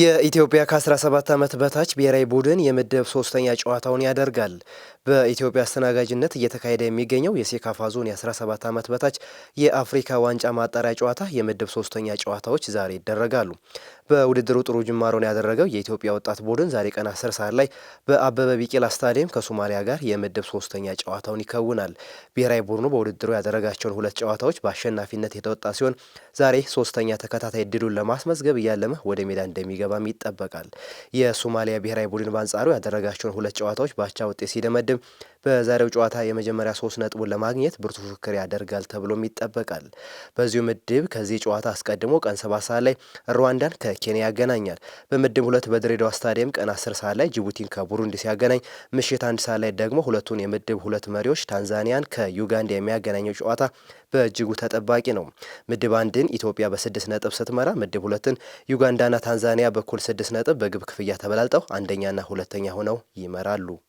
የኢትዮጵያ ከ17 ዓመት በታች ብሔራዊ ቡድን የምድብ ሶስተኛ ጨዋታውን ያደርጋል። በኢትዮጵያ አስተናጋጅነት እየተካሄደ የሚገኘው የሴካፋ ዞን የ17 ዓመት በታች የአፍሪካ ዋንጫ ማጣሪያ ጨዋታ የምድብ ሶስተኛ ጨዋታዎች ዛሬ ይደረጋሉ። በውድድሩ ጥሩ ጅማሮን ያደረገው የኢትዮጵያ ወጣት ቡድን ዛሬ ቀን 10 ሰዓት ላይ በአበበ ቢቂላ ስታዲየም ከሶማሊያ ጋር የምድብ ሶስተኛ ጨዋታውን ይከውናል። ብሔራዊ ቡድኑ በውድድሩ ያደረጋቸውን ሁለት ጨዋታዎች በአሸናፊነት የተወጣ ሲሆን ዛሬ ሶስተኛ ተከታታይ ድሉን ለማስመዝገብ እያለመ ወደ ሜዳ እንደሚገባም ይጠበቃል። የሶማሊያ ብሔራዊ ቡድን በአንጻሩ ያደረጋቸውን ሁለት ጨዋታዎች በአቻ ውጤት ሲደመድ ምድብ በዛሬው ጨዋታ የመጀመሪያ ሶስት ነጥቡን ለማግኘት ብርቱ ፉክክር ያደርጋል ተብሎም ይጠበቃል። በዚሁ ምድብ ከዚህ ጨዋታ አስቀድሞ ቀን ሰባት ሰዓት ላይ ሩዋንዳን ከኬንያ ያገናኛል። በምድብ ሁለት በድሬዳዋ ስታዲየም ቀን አስር ሰዓት ላይ ጅቡቲን ከቡሩንዲ ሲያገናኝ፣ ምሽት አንድ ሰዓት ላይ ደግሞ ሁለቱን የምድብ ሁለት መሪዎች ታንዛኒያን ከዩጋንዳ የሚያገናኘው ጨዋታ በእጅጉ ተጠባቂ ነው። ምድብ አንድን ኢትዮጵያ በስድስት ነጥብ ስትመራ ምድብ ሁለትን ዩጋንዳና ታንዛኒያ በኩል ስድስት ነጥብ በግብ ክፍያ ተበላልጠው አንደኛና ሁለተኛ ሆነው ይመራሉ።